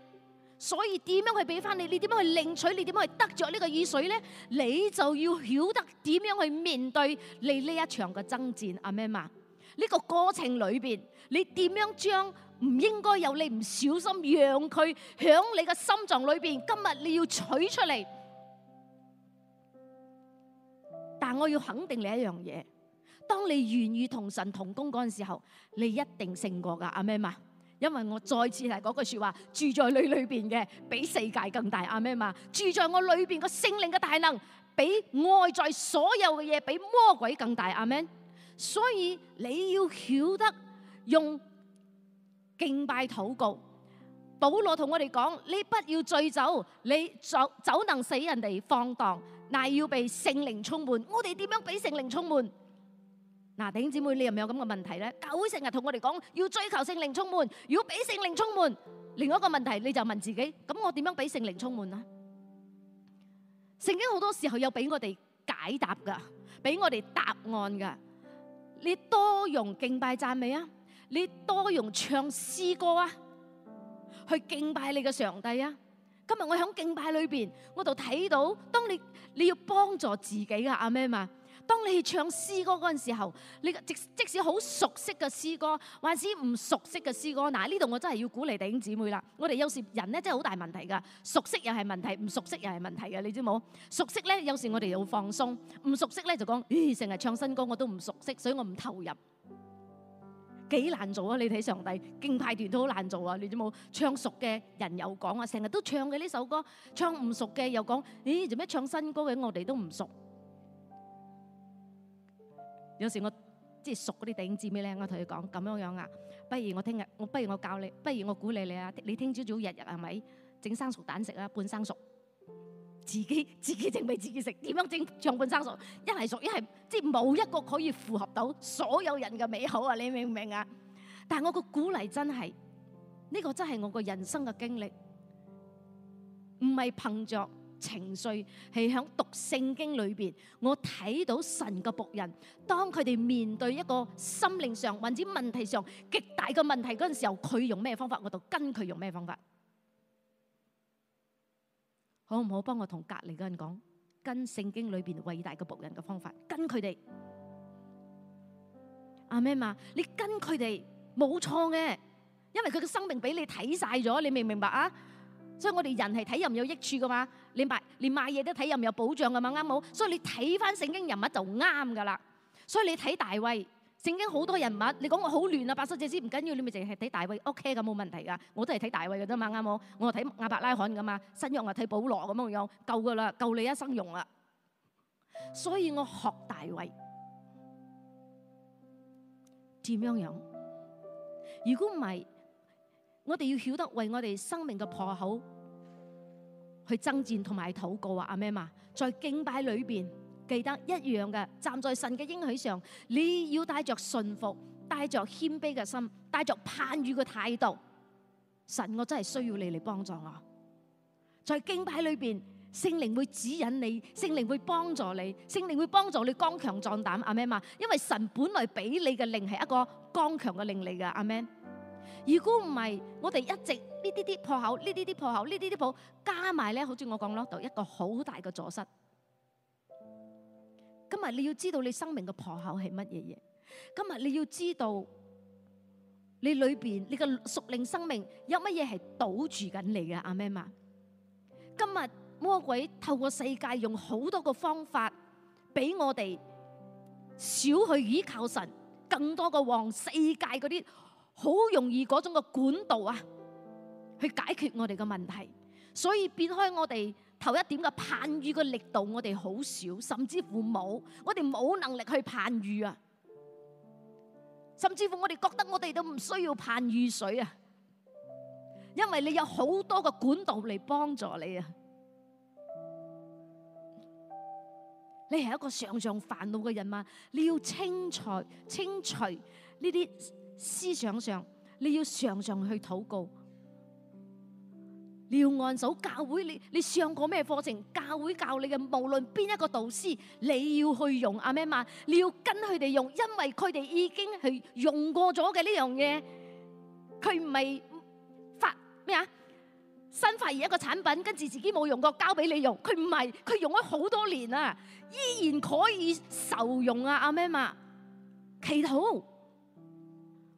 所以點樣去俾翻你？你點樣去領取？你點樣去得着呢個雨水咧？你就要曉得點樣去面對你呢一場嘅爭戰。阿媽咪。呢個過程裏邊，你點樣將唔應該由你唔小心讓佢響你嘅心臟裏邊？今日你要取出嚟。但係我要肯定你一樣嘢，當你願意同神同工嗰陣時候，你一定勝過噶。阿門嘛，因為我再次係嗰句說話，住在你裏邊嘅比世界更大。阿門嘛，住在我裏邊個聖靈嘅大能，比外在所有嘅嘢，比魔鬼更大。阿門。所以你要曉得用敬拜禱告。保羅同我哋講：你不要醉酒，你酒酒能使人哋放蕩，但係要被聖靈充滿。我哋點樣俾聖靈充滿？嗱，弟兄姊妹，你有冇咁嘅問題咧？教會成日同我哋講要追求聖靈充滿，要俾聖靈充滿。另外一個問題，你就問自己：咁我點樣俾聖靈充滿啊？聖經好多時候有俾我哋解答噶，俾我哋答案噶。你多用敬拜讚美啊！你多用唱詩歌啊，去敬拜你嘅上帝啊！今日我響敬拜裏邊，我就睇到，當你你要幫助自己啊，阿們啊嘛。當你去唱詩歌嗰陣時候，你即即使好熟悉嘅詩歌，還是唔熟悉嘅詩歌。嗱，呢度我真係要鼓勵弟兄姊妹啦。我哋有時人咧真係好大問題噶，熟悉又係問題，唔熟悉又係問題嘅。你知冇？熟悉咧有時我哋好放鬆，唔熟悉咧就講，咦，成日唱新歌我都唔熟悉，所以我唔投入。幾難做啊！你睇上帝敬拜團都好難做啊！你知冇？唱熟嘅人又講啊，成日都唱嘅呢首歌，唱唔熟嘅又講，咦，做咩唱新歌嘅我哋都唔熟。有時我即係熟嗰啲頂字尾咧，我同佢講咁樣樣啊，不如我聽日，我不如我教你，不如我鼓勵你啊！你聽朝早日日係咪整生熟蛋食啊？半生熟，自己自己整畀自己食，點樣整長半生熟？一係熟，一係即係冇一個可以符合到所有人嘅美好啊！你明唔明啊？但係我個鼓勵真係，呢個真係我個人生嘅經歷，唔係憑著。情緒係響讀聖經裏邊，我睇到神嘅僕人，當佢哋面對一個心靈上或者問題上極大嘅問題嗰陣時候，佢用咩方法，我就跟佢用咩方法。好唔好？幫我同隔籬嘅人講，跟聖經裏邊偉大嘅僕人嘅方法，跟佢哋。阿咩嘛，你跟佢哋冇錯嘅，因為佢嘅生命俾你睇晒咗，你明唔明白啊？所以我哋人係睇有唔有益處噶嘛，連買連買嘢都睇有唔有保障噶嘛，啱冇？所以你睇翻聖經人物就啱噶啦。所以你睇大衛，聖經好多人物，你講我好亂啊，白獸姐，知唔緊要，你咪淨係睇大衛，OK 咁冇問題噶。我都係睇大衛噶啫嘛，啱冇？我睇亞伯拉罕噶嘛，新約我睇保羅咁樣樣，夠噶啦，夠你一生用啦。所以我學大衛，點樣樣？如果唔係？我哋要曉得為我哋生命嘅破口去爭戰同埋禱告啊！阿媽嘛，在敬拜裏邊記得一樣嘅，站在神嘅應許上，你要帶着順服、帶着謙卑嘅心、帶着盼雨嘅態度。神，我真係需要你嚟幫助我。在敬拜裏邊，聖靈會指引你，聖靈會幫助你，聖靈會幫助你剛強壯膽。阿媽嘛，因為神本來俾你嘅靈係一個剛強嘅靈嚟、啊、㗎。阿媽。如果唔係，我哋一直呢啲啲破口，呢啲啲破口，呢啲啲破，口破口，加埋咧，好似我講咯，就一個好大嘅阻塞。今日你要知道你生命嘅破口係乜嘢嘢？今日你要知道你裏邊你嘅屬靈生命有乜嘢係堵住緊你嘅？阿們，今日魔鬼透過世界用好多嘅方法，俾我哋少去依靠神，更多嘅往世界嗰啲。好容易嗰種嘅管道啊，去解決我哋嘅問題，所以變開我哋頭一點嘅盼雨嘅力度，我哋好少，甚至乎冇，我哋冇能力去盼雨啊，甚至乎我哋覺得我哋都唔需要盼雨水啊，因為你有好多嘅管道嚟幫助你啊，你係一個常常煩惱嘅人嘛，你要清除清除呢啲。思想上你要常常去禱告。廖按嫂，教會，你你上過咩課程？教會教你嘅，無論邊一個導師，你要去用阿咩嘛？你要跟佢哋用，因為佢哋已經係用過咗嘅呢樣嘢。佢唔係發咩啊？新發現一個產品，跟住自己冇用過，交俾你用。佢唔係，佢用咗好多年啊，依然可以受用啊，阿咩嘛？祈禱。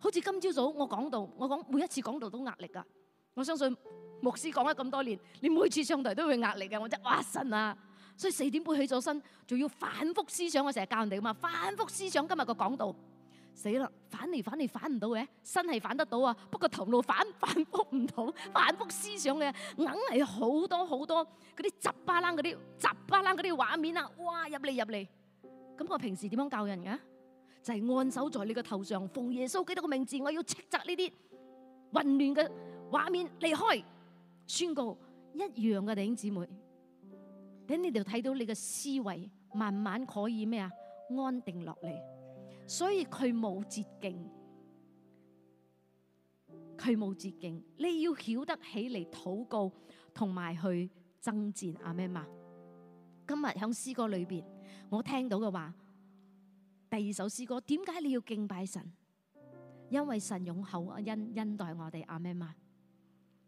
好似今朝早我講道，我講每一次講道都壓力噶。我相信牧師講咗咁多年，你每次上台都會壓力噶。我真係哇神啊！所以四點半起咗身，仲要反覆思想。我成日教人哋噶嘛，反覆思想今日個講道，死啦，反嚟反嚟反唔到嘅，真係反得到啊！不過頭腦反反覆唔到，反覆思想嘅，硬係好多好多嗰啲雜巴楞嗰啲雜巴楞嗰啲畫面啊！哇入嚟入嚟，咁我平時點樣教人㗎？就係按手在你個頭上，奉耶穌基督嘅名字，我要斥責呢啲混亂嘅畫面，離開，宣告一樣嘅弟兄姊妹，等你哋睇到你嘅思維慢慢可以咩啊安定落嚟。所以佢冇捷徑，佢冇捷徑，你要曉得起嚟禱告同埋去爭戰。阿們，今日響詩歌裏邊，我聽到嘅話。第二首詩歌，點解你要敬拜神？因為神用厚恩恩待我哋，阿們。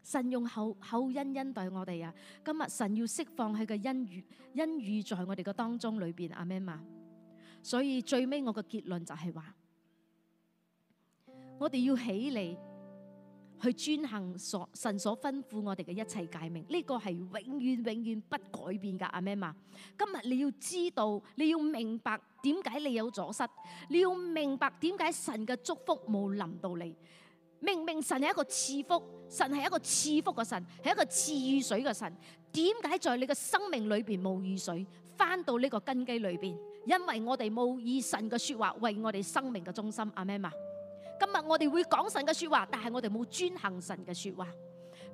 神用厚，厚恩恩待我哋啊！今日神要釋放佢嘅恩雨，恩雨在我哋嘅當中裏邊，阿們。所以最尾我嘅結論就係話，我哋要起嚟。去遵行所神所吩咐我哋嘅一切誡命，呢、這個係永遠永遠不改變噶。阿 m 媽嘛，今日你要知道，你要明白點解你有阻塞，你要明白點解神嘅祝福冇臨到你。明明神係一個賜福，神係一個賜福嘅神，係一個賜雨水嘅神。點解在你嘅生命裏邊冇雨水？翻到呢個根基裏邊，因為我哋冇以神嘅說話為我哋生命嘅中心。阿 m 媽嘛。今日我哋會講神嘅說話，但係我哋冇遵行神嘅說話。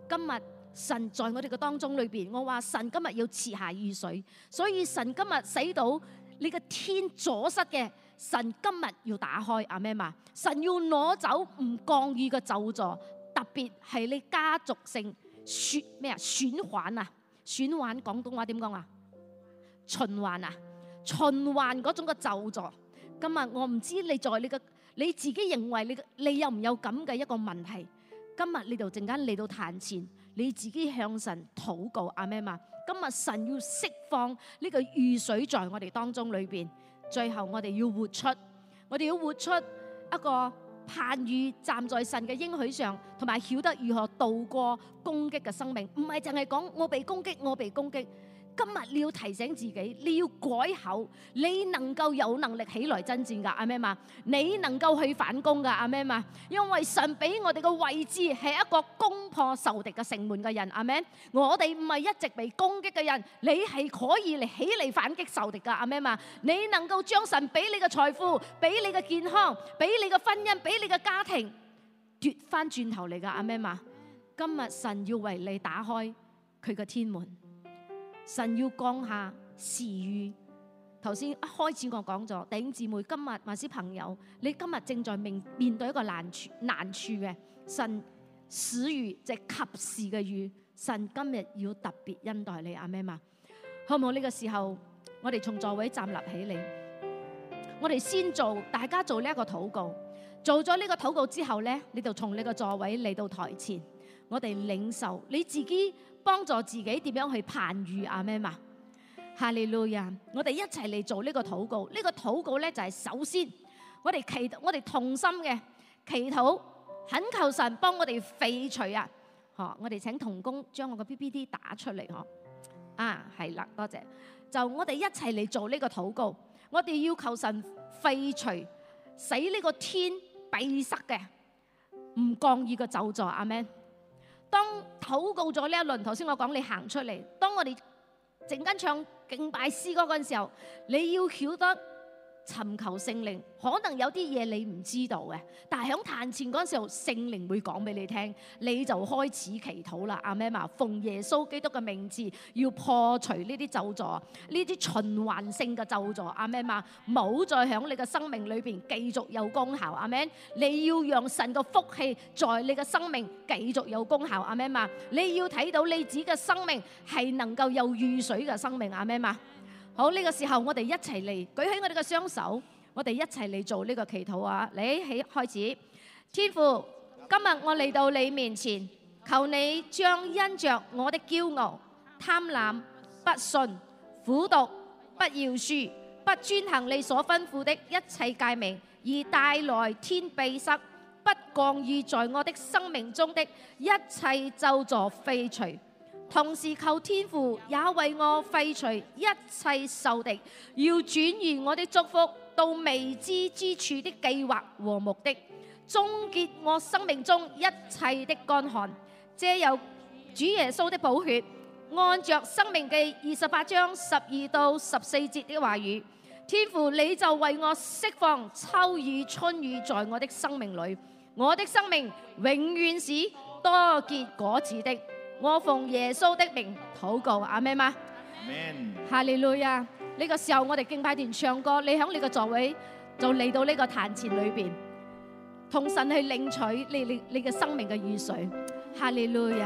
今日神在我哋嘅當中裏邊，我話神今日要賜下雨水，所以神今日使到你嘅天阻塞嘅，神今日要打開阿咩嘛？Amen? 神要攞走唔降雨嘅咒詛，特別係你家族性選咩啊循環？循環啊？循環廣東話點講啊？循環啊？循環嗰種嘅咒詛。今日我唔知你在你嘅。你自己認為你你有唔有咁嘅一個問題？今日你就陣間嚟到壇前，你自己向神禱告阿咩嘛？今日神要釋放呢個雨水在我哋當中裏邊，最後我哋要活出，我哋要活出一個盼雨站在神嘅應許上，同埋曉得如何渡過攻擊嘅生命，唔係淨係講我被攻擊，我被攻擊。今日你要提醒自己，你要改口，你能夠有能力起來征戰噶，阿們嘛，你能夠去反攻噶，阿們嘛，因為神俾我哋嘅位置係一個攻破仇敵嘅城門嘅人，阿們，我哋唔係一直被攻擊嘅人，你係可以嚟起嚟反擊仇敵噶，阿們嘛，你能夠將神俾你嘅財富、俾你嘅健康、俾你嘅婚姻、俾你嘅家庭奪翻轉頭嚟噶，阿們嘛，今日神要為你打開佢嘅天門。神要降下時雨，頭先一開始我講咗弟兄姊妹，今日或是朋友，你今日正在面面對一個難處難處嘅神時雨，即、就是、及時嘅雨，神今日要特別恩待你阿咩嘛？Amen? 好唔好呢、這個時候，我哋從座位站立起嚟，我哋先做大家做呢一個禱告，做咗呢個禱告之後咧，你就從你個座位嚟到台前，我哋領受你自己。幫助自己點樣去盼遇阿咩嘛？哈利路亞！Hallelujah. 我哋一齊嚟做呢個禱告。這個、告呢個禱告咧就係、是、首先，我哋祈我哋同心嘅祈禱，懇求神幫我哋廢除啊！嗬，我哋請同工將我個 PPT 打出嚟嗬。啊，係啦，多謝。就我哋一齊嚟做呢個禱告，我哋要求神廢除，使呢個天閉塞嘅，唔降雨嘅咒詛阿 Man。Amen 當禱告咗呢一輪，頭先我講你行出嚟，當我哋陣間唱敬拜詩歌嗰陣時候，你要曉得。尋求聖靈，可能有啲嘢你唔知道嘅，但係響彈前嗰時候，聖靈會講俾你聽，你就開始祈禱啦，阿們啊，奉耶穌基督嘅名字，要破除呢啲咒詛，呢啲循環性嘅咒詛，阿們啊，唔好再響你嘅生命裏邊繼續有功效，阿們，你要讓神嘅福氣在你嘅生命繼續有功效，阿們啊，你要睇到你自己嘅生命係能夠有雨水嘅生命，阿們啊。好，呢個時候，我哋一齊嚟舉起我哋嘅雙手，我哋一齊嚟做呢個祈禱啊！你起，開始，天父，今日我嚟到你面前，求你將因着我的驕傲、貪婪、不信、苦毒、不饒恕、不遵行你所吩咐的一切誡命，而帶來天閉塞、不降雨在我的生命中的一切咒詛廢除。同時求天父也為我廢除一切仇敵，要轉移我的祝福到未知之處的計劃和目的，終結我生命中一切的乾旱，借由主耶穌的寶血，按着《申命記》二十八章十二到十四節的話語，天父你就為我釋放秋雨春雨在我的生命裏，我的生命永遠是多結果子的。我奉耶穌的名禱告，阿們，阿們，哈利路亞！呢個時候我哋敬拜團唱歌，你喺你個座位就嚟到呢個壇前裏邊，同神去領取你你你嘅生命嘅雨水，哈利路亞。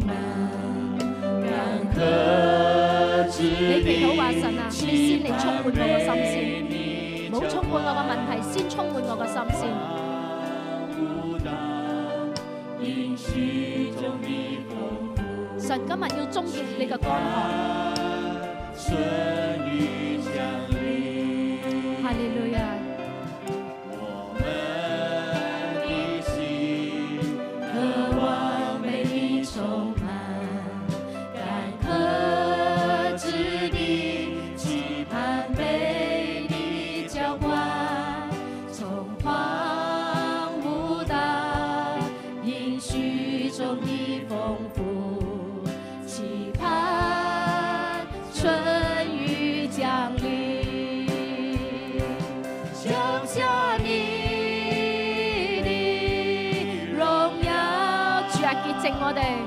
你祈求話，神啊，你先嚟充滿我個心先，冇充滿我個問題，先充滿我個心先。神今日要終結你嘅乾旱。哈利路亞。潔淨、啊、我哋。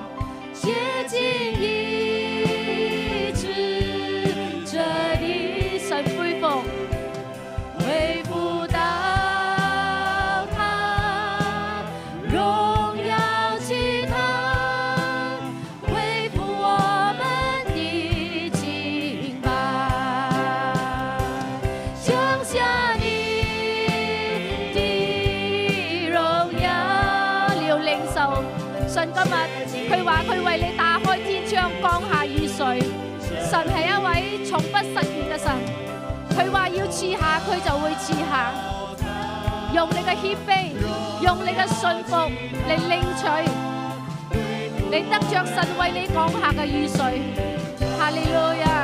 佢話要賜下，佢就會賜下，用你嘅謙卑，用你嘅信服嚟領取，你得着神為你降下嘅雨水，哈利路亞。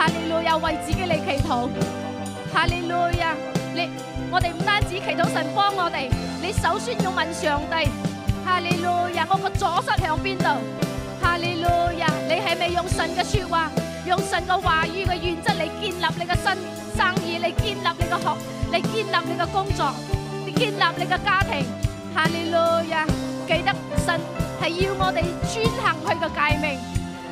哈利路亞，為自己嚟祈禱，哈利路亞，你我哋唔單止祈禱神幫我哋，你首先要問上帝，哈利路亞，我個阻塞向邊度？哈利路亞，你係咪用神嘅說話，用神個話語嘅原則嚟建立你嘅生生意，嚟建立你個學，嚟建立你嘅工作，嚟建立你嘅家庭？哈利路亞，記得神係要我哋遵行佢嘅誡命。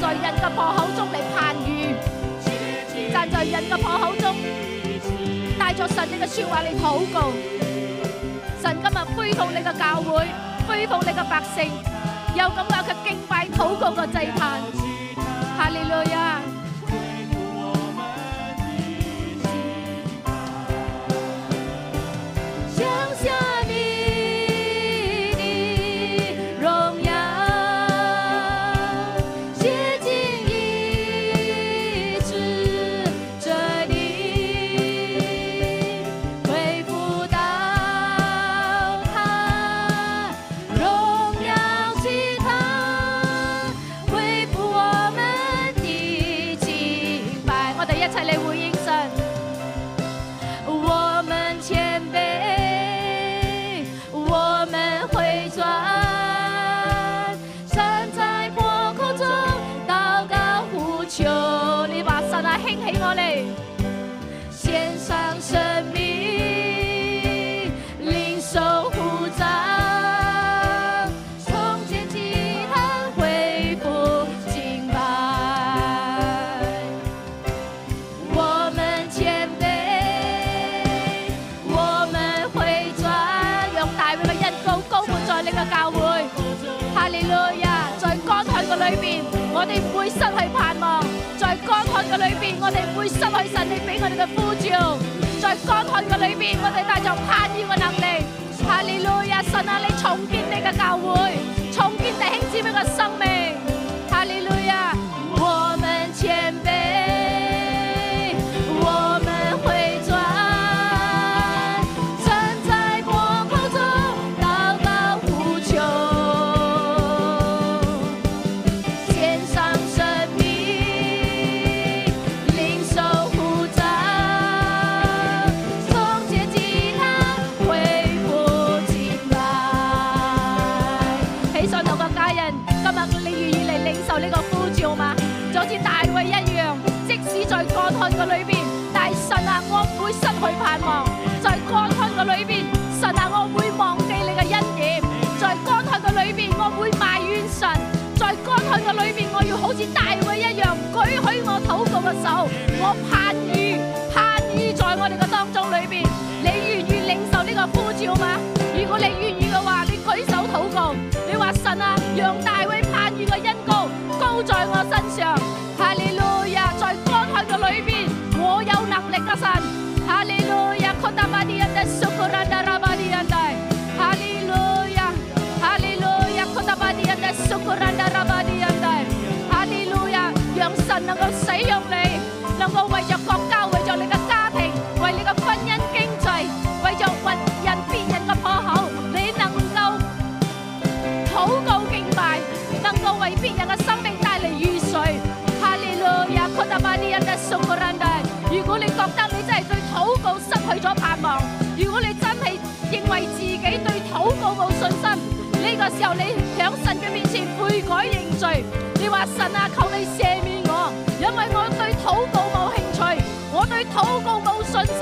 在人嘅破口中嚟盼雨，站在人嘅破口中帶咗神你嘅說話嚟禱告，神今日恢復你嘅教會，恢復你嘅百姓，有咁嘅敬拜禱告嘅祭壇，哈利路亞。Hallelujah 我哋唔會失去盼望，在乾旱嘅裏邊，我哋唔會失去神你俾我哋嘅呼召，在乾旱嘅裏邊，我哋帶住盼望嘅能力。哈利路亞，神啊，你重建你嘅教會，重建弟兄姊妹嘅生。你話神啊，求你赦免我，因為我對禱告冇興趣，我對禱告冇信心。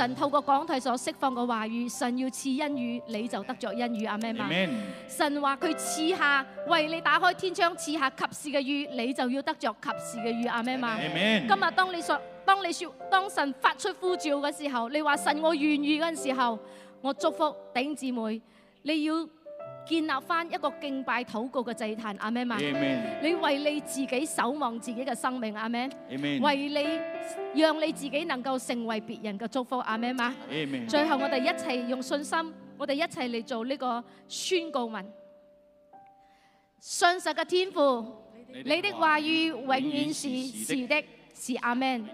神透過講台所釋放嘅話語，神要賜恩雨，你就得着恩雨，阿咩咪，Amen. 神話佢賜下為你打開天窗，賜下及時嘅雨，你就要得着及時嘅雨，阿咩咪，Amen. 今日當你說，當你說，當神發出呼召嘅時候，你話神我願意嗰陣時候，我祝福頂姊妹，你要。建立翻一個敬拜禱告嘅祭壇，阿們嗎，Amen. 你為你自己守望自己嘅生命，阿們，Amen. 為你讓你自己能夠成為別人嘅祝福，阿們嗎。Amen. 最後我哋一齊用信心，我哋一齊嚟做呢個宣告文。信實嘅天父，你的話語永遠是是的，是阿們。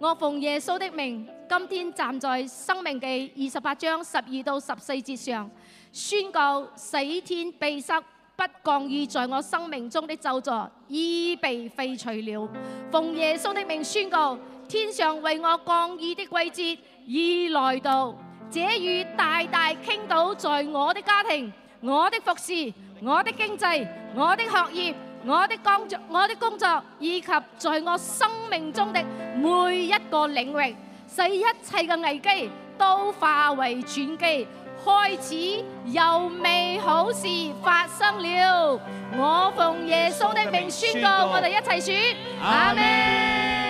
我奉耶穌的名，今天站在《生命記》二十八章十二到十四節上。宣告死天蔽塞不降雨在我生命中的咒詛已被廢除了。奉耶穌的名宣告，天上為我降雨的季節已來到。這雨大大傾倒在我的家庭、我的服侍、我的經濟、我的學業、我的工作、我的工作以及在我生命中的每一個領域，使一切嘅危機都化為轉機。開始又美好事發生了，我奉耶穌的名，宣告，我哋一齊説，阿們。